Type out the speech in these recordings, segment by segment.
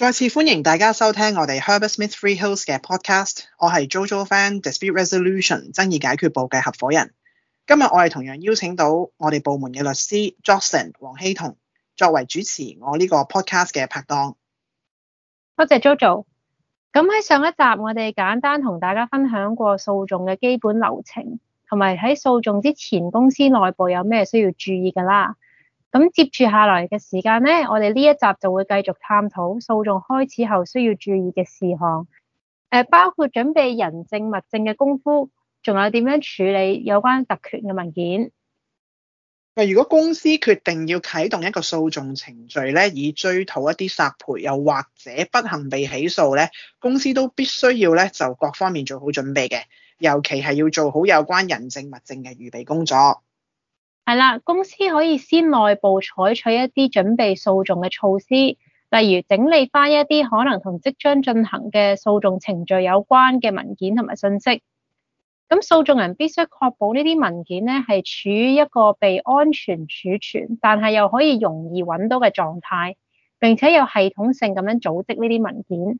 再次歡迎大家收聽我哋 Herbert Smith Freehills 嘅 podcast，我係 JoJo Fan Dispute Resolution 爭議解決部嘅合夥人。今日我係同樣邀請到我哋部門嘅律師 Jocelyn 王曦彤作為主持我呢個 podcast 嘅拍檔。多謝 JoJo。咁喺上一集我哋簡單同大家分享過訴訟嘅基本流程，同埋喺訴訟之前公司內部有咩需要注意㗎啦。咁接住下來嘅時間呢，我哋呢一集就會繼續探討訴訟開始後需要注意嘅事項，呃，包括準備人證物證嘅功夫，仲有點樣處理有關特權嘅文件。如果公司決定要啟動一個訴訟程序咧，以追討一啲索賠，又或者不幸被起訴咧，公司都必須要咧就各方面做好準備嘅，尤其係要做好有關人證物證嘅預備工作。係啦，公司可以先內部採取一啲準備訴訟嘅措施，例如整理翻一啲可能同即將進行嘅訴訟程序有關嘅文件同埋信息。咁訴訟人必須確保呢啲文件呢係處於一個被安全儲存，但係又可以容易揾到嘅狀態，並且有系統性咁樣組織呢啲文件。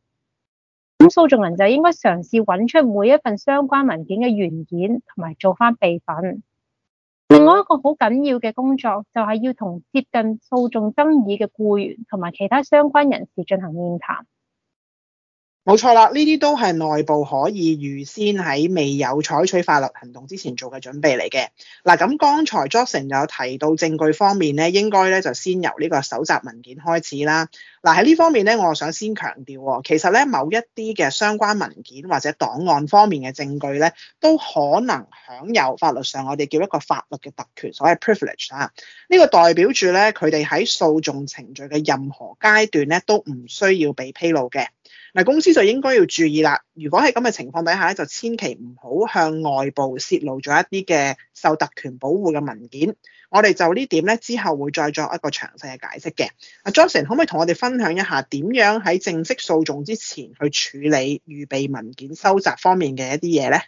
咁訴訟人就應該嘗試揾出每一份相關文件嘅原件，同埋做翻備份。另外一個好緊要嘅工作，就係要同接近訴訟爭議嘅僱員同埋其他相關人士進行面談。冇錯啦，呢啲都係內部可以預先喺未有採取法律行動之前做嘅準備嚟嘅。嗱，咁剛才 Jocelyn 有提到證據方面咧，應該咧就先由呢個蒐集文件開始啦。嗱，喺呢方面咧，我想先強調，其實咧某一啲嘅相關文件或者檔案方面嘅證據咧，都可能享有法律上我哋叫一個法律嘅特權，所謂 privilege 啊。呢個代表住咧佢哋喺訴訟程序嘅任何階段咧都唔需要被披露嘅。嗱，公司就應該要注意啦。如果喺咁嘅情況底下咧，就千祈唔好向外部泄露咗一啲嘅受特權保護嘅文件。我哋就呢點咧，之後會再作一個詳細嘅解釋嘅。阿 Jocelyn 可唔可以同我哋分享一下點樣喺正式訴訟之前去處理預備文件收集方面嘅一啲嘢咧？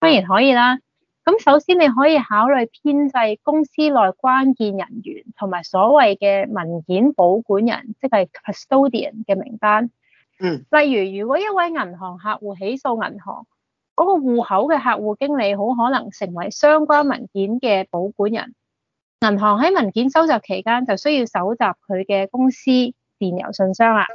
當然可以啦。咁首先你可以考慮編製公司內關鍵人員同埋所謂嘅文件保管人，即係 custodian 嘅名單。例如如果一位銀行客戶起訴銀行，嗰個戶口嘅客戶經理好可能成為相關文件嘅保管人，銀行喺文件收集期間就需要搜集佢嘅公司電郵信箱啦。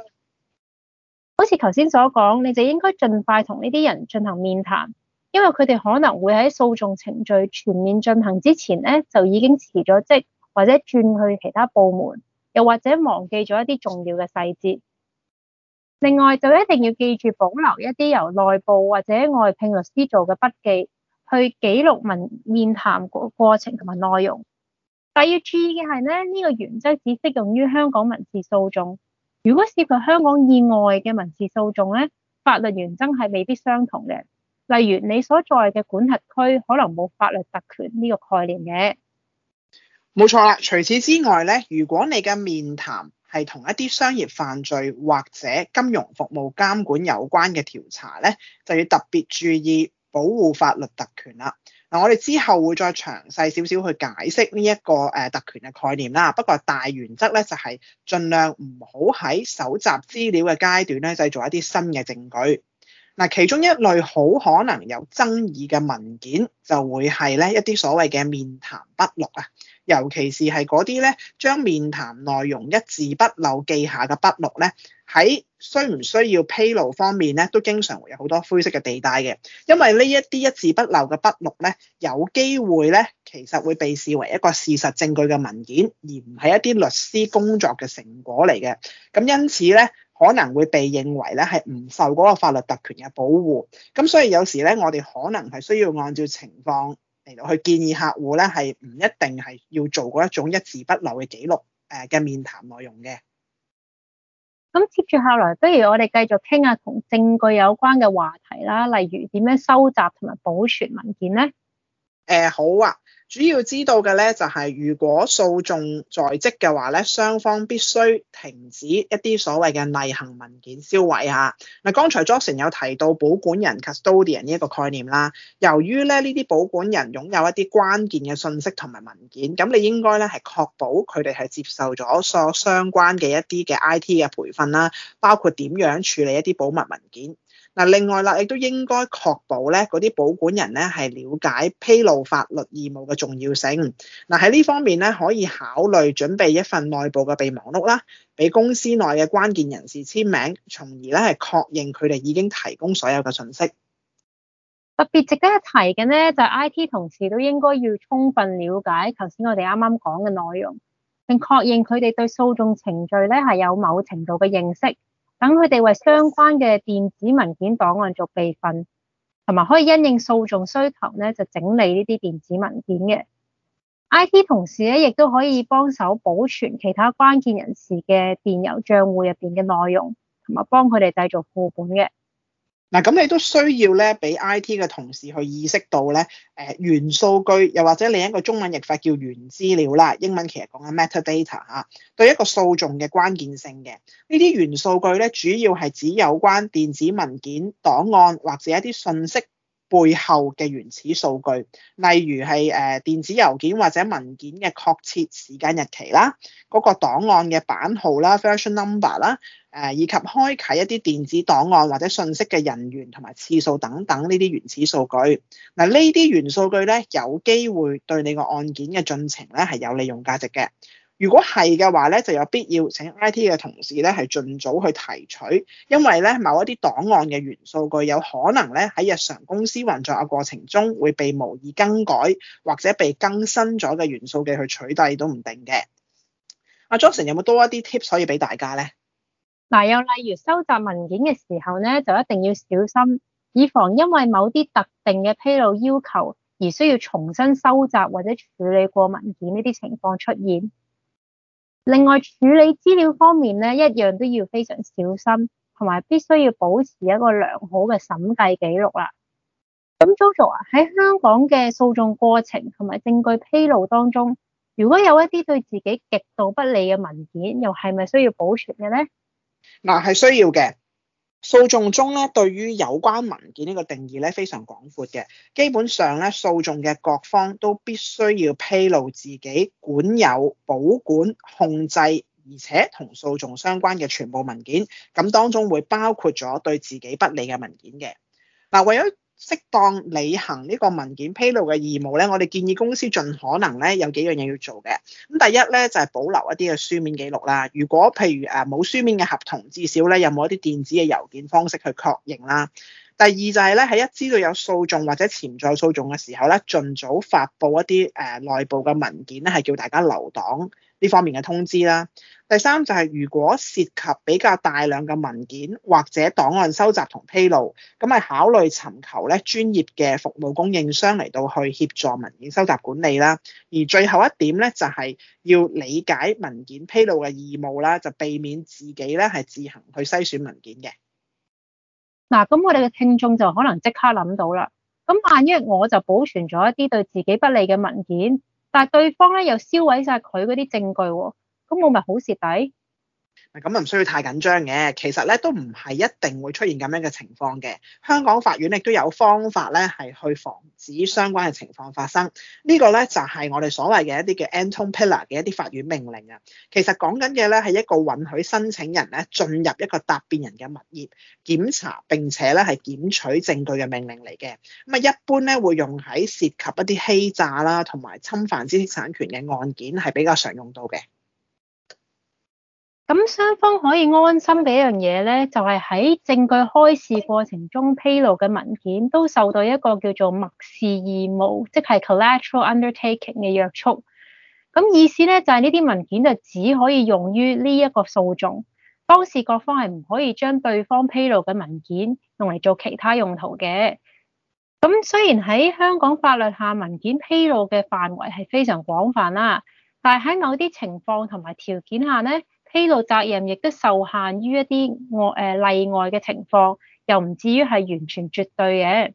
好似頭先所講，你就應該盡快同呢啲人進行面談，因為佢哋可能會喺訴訟程序全面進行之前呢，就已經辭咗職，即或者轉去其他部門，又或者忘記咗一啲重要嘅細節。另外就一定要記住保留一啲由內部或者外聘律師做嘅筆記，去記錄文面談過程同埋內容。但要注意嘅係咧，呢，呢個原則只適用於香港民事訴訟。如果涉及香港以外嘅民事訴訟呢，法律原則係未必相同嘅。例如你所在嘅管轄區可能冇法律特權呢個概念嘅。冇錯啦。除此之外呢，如果你嘅面談係同一啲商業犯罪或者金融服務監管有關嘅調查咧，就要特別注意保護法律特權啦。嗱，我哋之後會再詳細少少去解釋呢一個誒特權嘅概念啦。不過大原則咧就係盡量唔好喺搜集資料嘅階段咧製造一啲新嘅證據。嗱，其中一類好可能有爭議嘅文件就會係咧一啲所謂嘅面談筆錄啊。尤其是係嗰啲咧，將面談內容一字不漏記下嘅筆錄咧，喺需唔需要披露方面咧，都經常會有好多灰色嘅地帶嘅。因為呢一啲一字不漏嘅筆錄咧，有機會咧，其實會被視為一個事實證據嘅文件，而唔係一啲律師工作嘅成果嚟嘅。咁因此咧，可能會被認為咧係唔受嗰個法律特權嘅保護。咁所以有時咧，我哋可能係需要按照情況，去建議客戶咧，係唔一定係要做嗰一種一字不漏嘅記錄，誒、呃、嘅面談內容嘅。咁、嗯、接住下來，不如我哋繼續傾下同證據有關嘅話題啦，例如點樣收集同埋保存文件咧？誒、呃、好啊，主要知道嘅咧就係、是，如果訴訟在職嘅話咧，雙方必須停止一啲所謂嘅例行文件銷毀啊。嗱，剛才 Jocelyn 有提到保管人 custodian 呢一個概念啦。由於咧呢啲保管人擁有一啲關鍵嘅信息同埋文件，咁你應該咧係確保佢哋係接受咗所相關嘅一啲嘅 IT 嘅培訓啦，包括點樣處理一啲保密文件。嗱，另外啦，亦都應該確保咧，嗰啲保管人咧係了解披露法律義務嘅重要性。嗱，喺呢方面咧，可以考慮準備一份內部嘅備忘錄啦，俾公司內嘅關鍵人士簽名，從而咧係確認佢哋已經提供所有嘅信息。特別值得一提嘅呢，就係 IT 同事都應該要充分了解頭先我哋啱啱講嘅內容，並確認佢哋對訴訟程序咧係有某程度嘅認識。等佢哋為相關嘅電子文件檔案做備份，同埋可以因應訴訟需求呢，就整理呢啲電子文件嘅 IT 同事咧，亦都可以幫手保存其他關鍵人士嘅電郵帳戶入邊嘅內容，同埋幫佢哋製造副本嘅。嗱，咁你都需要咧，俾 IT 嘅同事去意識到咧，誒、呃、原數據又或者另一個中文譯法叫原資料啦，英文其實講緊 metadata 嚇、啊，對一個訴訟嘅關鍵性嘅呢啲原數據咧，主要係指有關電子文件、檔案或者一啲訊息。背後嘅原始數據，例如係誒電子郵件或者文件嘅確切時間日期啦，嗰、那個檔案嘅版號啦、version number 啦，誒以及開啟一啲電子檔案或者信息嘅人員同埋次數等等呢啲原始數據。嗱，數呢啲原數據咧，有機會對你個案件嘅進程咧係有利用價值嘅。如果係嘅話咧，就有必要請 IT 嘅同事咧，係盡早去提取，因為咧某一啲檔案嘅元數據有可能咧喺日常公司運作嘅過程中會被無意更改或者被更新咗嘅元數據去取代都唔定嘅。阿、啊、Jocelyn 有冇多一啲 tips 可以俾大家咧？嗱，又例如收集文件嘅時候咧，就一定要小心，以防因為某啲特定嘅披露要求而需要重新收集或者處理過文件呢啲情況出現。另外處理資料方面咧，一樣都要非常小心，同埋必須要保持一個良好嘅審計記錄啦。咁 Jojo，喺香港嘅訴訟過程同埋證據披露當中，如果有一啲對自己極度不利嘅文件，又係咪需要保存嘅呢？嗱，係需要嘅。訴訟中咧，對於有關文件呢個定義咧，非常廣闊嘅。基本上咧，訴訟嘅各方都必須要披露自己管有、保管、控制而且同訴訟相關嘅全部文件，咁當中會包括咗對自己不利嘅文件嘅。嗱、啊，為咗適當履行呢個文件披露嘅義務咧，我哋建議公司盡可能咧有幾樣嘢要做嘅。咁第一咧就係保留一啲嘅書面記錄啦。如果譬如誒冇書面嘅合同，至少咧有冇一啲電子嘅郵件方式去確認啦。第二就係咧，喺一知道有訴訟或者潛在訴訟嘅時候咧，儘早發佈一啲誒內部嘅文件咧，係叫大家留檔呢方面嘅通知啦。第三就係如果涉及比較大量嘅文件或者檔案收集同披露，咁係考慮尋求咧專業嘅服務供應商嚟到去協助文件收集管理啦。而最後一點咧，就係要理解文件披露嘅義務啦，就避免自己咧係自行去篩選文件嘅。嗱，咁我哋嘅聽眾就可能即刻諗到啦。咁萬一我就保存咗一啲對自己不利嘅文件，但係對方呢又燒毀晒佢嗰啲證據喎，咁我咪好蝕底？咁啊唔需要太緊張嘅，其實咧都唔係一定會出現咁樣嘅情況嘅。香港法院亦都有方法咧，係去防止相關嘅情況發生。這個、呢個咧就係、是、我哋所謂嘅一啲嘅 Anton Pillar 嘅一啲法院命令啊。其實講緊嘅咧係一個允許申請人咧進入一個答辯人嘅物業檢查並且咧係檢取證據嘅命令嚟嘅。咁啊一般咧會用喺涉及一啲欺詐啦同埋侵犯知識產權嘅案件係比較常用到嘅。咁雙方可以安心嘅一樣嘢咧，就係喺證據開示過程中披露嘅文件都受到一個叫做默示義務，即係 collateral undertaking 嘅約束。咁意思咧，就係呢啲文件就只可以用於呢一個訴訟，當事各方係唔可以將對方披露嘅文件用嚟做其他用途嘅。咁雖然喺香港法律下，文件披露嘅範圍係非常廣泛啦，但係喺某啲情況同埋條件下咧。披露責任亦都受限於一啲外誒例外嘅情況，又唔至於係完全絕對嘅。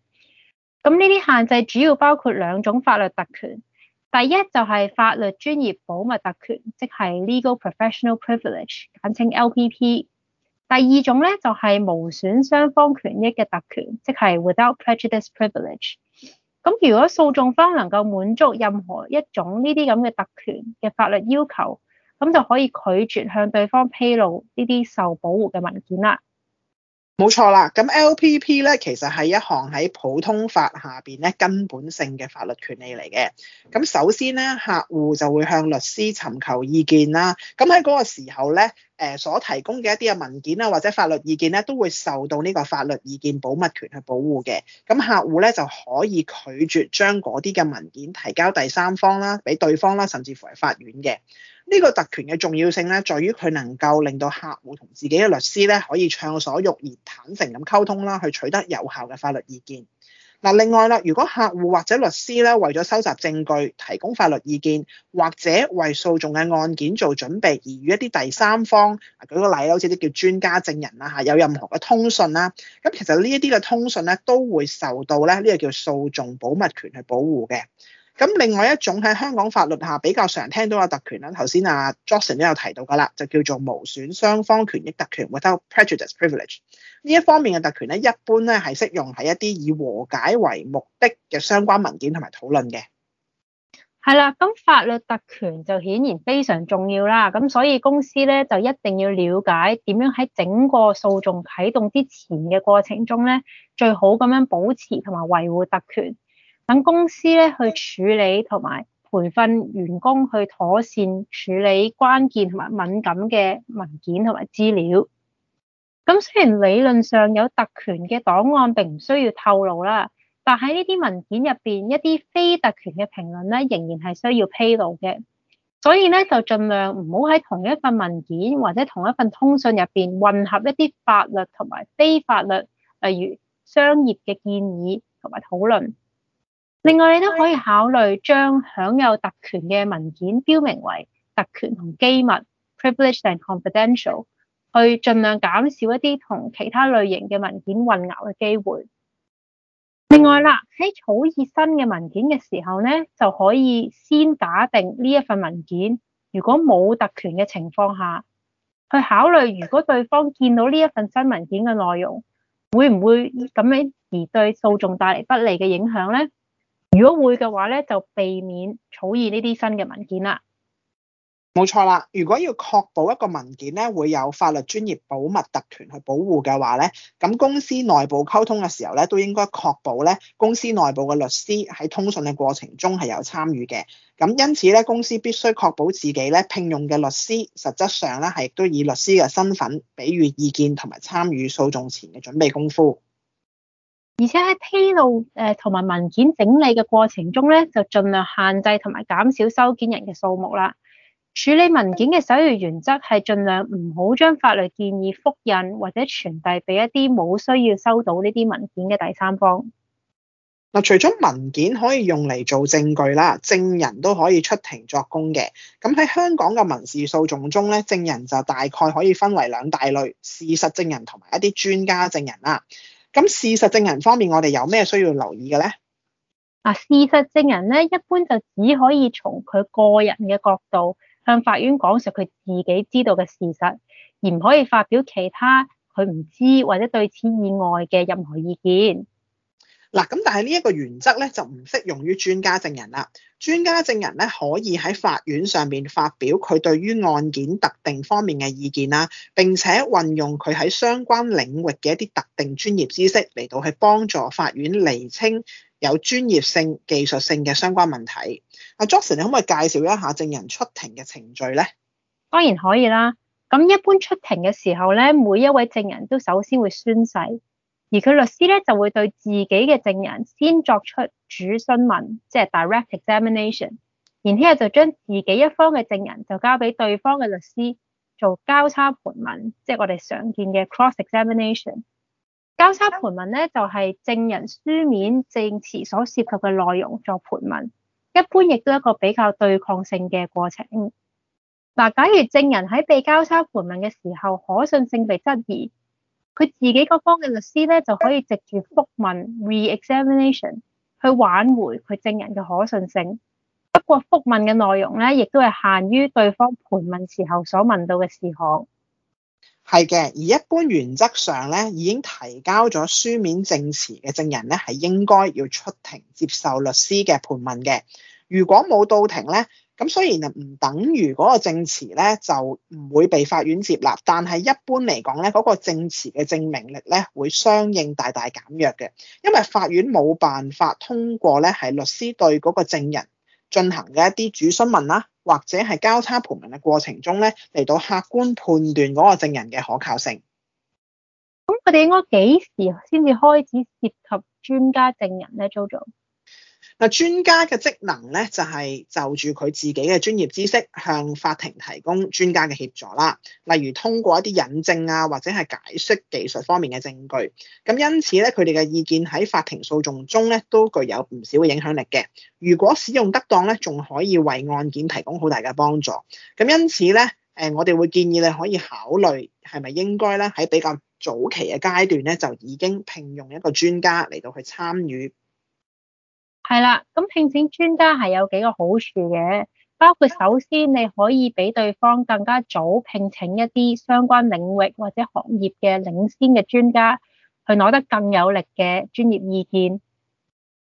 咁呢啲限制主要包括兩種法律特權，第一就係法律專業保密特權，即係 Legal Professional Privilege，簡稱 LPP。第二種咧就係、是、無損雙方權益嘅特權，即係 Without Prejudice Privilege。咁如果訴訟方能夠滿足任何一種呢啲咁嘅特權嘅法律要求，咁就可以拒絕向對方披露呢啲受保護嘅文件啦。冇錯啦，咁 LPP 咧其實係一項喺普通法下邊咧根本性嘅法律權利嚟嘅。咁首先咧，客戶就會向律師尋求意見啦。咁喺嗰個時候咧，誒、呃、所提供嘅一啲嘅文件呀，或者法律意見咧，都會受到呢個法律意見保密權去保護嘅。咁客戶咧就可以拒絕將嗰啲嘅文件提交第三方啦、俾對方啦，甚至乎係法院嘅。呢個特權嘅重要性咧，在於佢能夠令到客戶同自己嘅律師咧，可以暢所欲言、坦誠咁溝通啦，去取得有效嘅法律意見。嗱，另外啦，如果客戶或者律師咧，為咗收集證據、提供法律意見，或者為訴訟嘅案件做準備，而與一啲第三方，舉個例，好似啲叫專家證人啦嚇，有任何嘅通訊啦，咁其實呢一啲嘅通訊咧，都會受到咧呢個叫訴訟保密權去保護嘅。咁另外一種喺香港法律下比較常聽到嘅特權啦，頭先阿 Jocelyn 都有提到噶啦，就叫做無損雙方權益特權或者「without prejudice privilege」。呢一方面嘅特權咧，一般咧係適用喺一啲以和解為目的嘅相關文件同埋討論嘅。係啦，咁法律特權就顯然非常重要啦，咁所以公司咧就一定要了解點樣喺整個訴訟啟動之前嘅過程中咧，最好咁樣保持同埋維護特權。等公司咧去處理同埋培訓員工去妥善處理關鍵同埋敏感嘅文件同埋資料。咁雖然理論上有特權嘅檔案並唔需要透露啦，但喺呢啲文件入邊一啲非特權嘅評論咧，仍然係需要披露嘅。所以咧就盡量唔好喺同一份文件或者同一份通訊入邊混合一啲法律同埋非法律，例如商業嘅建議同埋討論。另外，你都可以考慮將享有特權嘅文件標明為特權同機密 （Privileged and Confidential），去盡量減少一啲同其他類型嘅文件混淆嘅機會。另外啦，喺草擬新嘅文件嘅時候咧，就可以先打定呢一份文件。如果冇特權嘅情況下，去考慮如果對方見到呢一份新文件嘅內容，會唔會咁樣而對訴訟帶嚟不利嘅影響咧？如果會嘅話咧，就避免草擬呢啲新嘅文件啦。冇錯啦，如果要確保一個文件咧會有法律專業保密特權去保護嘅話咧，咁公司內部溝通嘅時候咧，都應該確保咧公司內部嘅律師喺通訊嘅過程中係有參與嘅。咁因此咧，公司必須確保自己咧聘用嘅律師實質上咧係亦都以律師嘅身份俾予意見同埋參與訴訟前嘅準備功夫。而且喺披露誒同埋文件整理嘅過程中咧，就盡量限制同埋減少收件人嘅數目啦。處理文件嘅首要原則係盡量唔好將法律建議複印或者傳遞俾一啲冇需要收到呢啲文件嘅第三方。嗱，除咗文件可以用嚟做證據啦，證人都可以出庭作供嘅。咁喺香港嘅民事訴訟中咧，證人就大概可以分為兩大類：事實證人同埋一啲專家證人啦。咁事實證人方面，我哋有咩需要留意嘅咧？嗱，事實證人咧，一般就只可以從佢個人嘅角度向法院講述佢自己知道嘅事實，而唔可以發表其他佢唔知或者對此以外嘅任何意見。嗱，咁但係呢一個原則咧就唔適用於專家證人啦。專家證人咧可以喺法院上面發表佢對於案件特定方面嘅意見啦，並且運用佢喺相關領域嘅一啲特定專業知識嚟到去幫助法院釐清有專業性、技術性嘅相關問題。阿 Jocelyn，你可唔可以介紹一下證人出庭嘅程序咧？當然可以啦。咁一般出庭嘅時候咧，每一位證人都首先會宣誓。而佢律師咧就會對自己嘅證人先作出主詢問，即係 direct examination，然之後就將自己一方嘅證人就交俾對方嘅律師做交叉盤問，即係我哋常見嘅 cross examination。交叉盤問咧就係、是、證人書面證詞所涉及嘅內容作盤問，一般亦都係一個比較對抗性嘅過程。嗱，假如證人喺被交叉盤問嘅時候可信性被質疑，佢自己嗰方嘅律師咧，就可以直接復問 re-examination 去挽回佢證人嘅可信性。不過復問嘅內容咧，亦都係限於對方盤問時候所問到嘅事項。係嘅，而一般原則上咧，已經提交咗書面證詞嘅證人咧，係應該要出庭接受律師嘅盤問嘅。如果冇到庭咧，咁雖然唔等於嗰個證詞咧就唔會被法院接納，但係一般嚟講咧，嗰、那個證詞嘅證明力咧會相應大大減弱嘅，因為法院冇辦法通過咧係律師對嗰個證人進行嘅一啲主詢問啦、啊，或者係交叉盤問嘅過程中咧嚟到客觀判斷嗰個證人嘅可靠性。咁我哋應該幾時先至開始涉及專家證人咧，Jojo 嗱，專家嘅職能咧就係就住佢自己嘅專業知識向法庭提供專家嘅協助啦。例如通過一啲引證啊，或者係解釋技術方面嘅證據。咁因此咧，佢哋嘅意見喺法庭訴訟中咧都具有唔少嘅影響力嘅。如果使用得當咧，仲可以為案件提供好大嘅幫助。咁因此咧，誒我哋會建議你可以考慮係咪應該咧喺比較早期嘅階段咧就已經聘用一個專家嚟到去參與。係啦，咁聘請專家係有幾個好處嘅，包括首先你可以俾對方更加早聘請一啲相關領域或者行業嘅領先嘅專家，去攞得更有力嘅專業意見。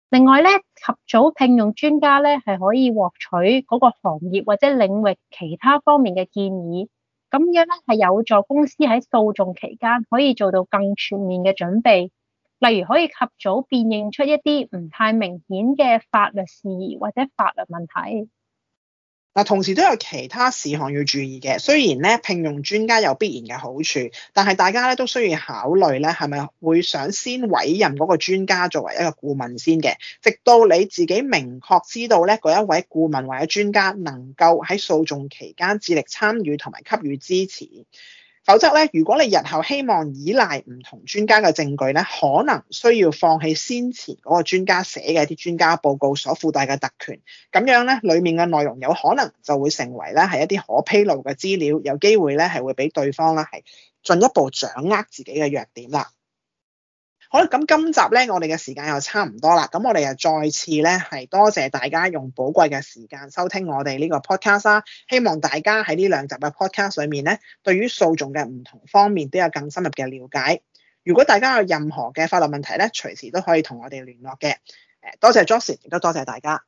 另外咧，及早聘用專家咧，係可以獲取嗰個行業或者領域其他方面嘅建議。咁樣咧係有助公司喺訴訟期間可以做到更全面嘅準備。例如可以及早辨認出一啲唔太明顯嘅法律事宜或者法律問題。嗱，同時都有其他事項要注意嘅。雖然咧，聘用專家有必然嘅好處，但係大家咧都需要考慮咧，係咪會想先委任嗰個專家作為一個顧問先嘅，直到你自己明確知道咧，嗰一位顧問或者專家能夠喺訴訟期間致力參與同埋給予支持。否則咧，如果你日後希望依賴唔同專家嘅證據咧，可能需要放棄先前嗰個專家寫嘅一啲專家報告所附帶嘅特權，咁樣咧，裡面嘅內容有可能就會成為咧係一啲可披露嘅資料，有機會咧係會俾對方咧係進一步掌握自己嘅弱點啦。好，啦，咁今集咧，我哋嘅時間又差唔多啦。咁我哋又再次咧，係多謝大家用寶貴嘅時間收聽我哋呢個 podcast 啦。希望大家喺呢兩集嘅 podcast 裏面咧，對於訴訟嘅唔同方面都有更深入嘅了解。如果大家有任何嘅法律問題咧，隨時都可以同我哋聯絡嘅。誒，多謝 Jocelyn，亦都多謝大家。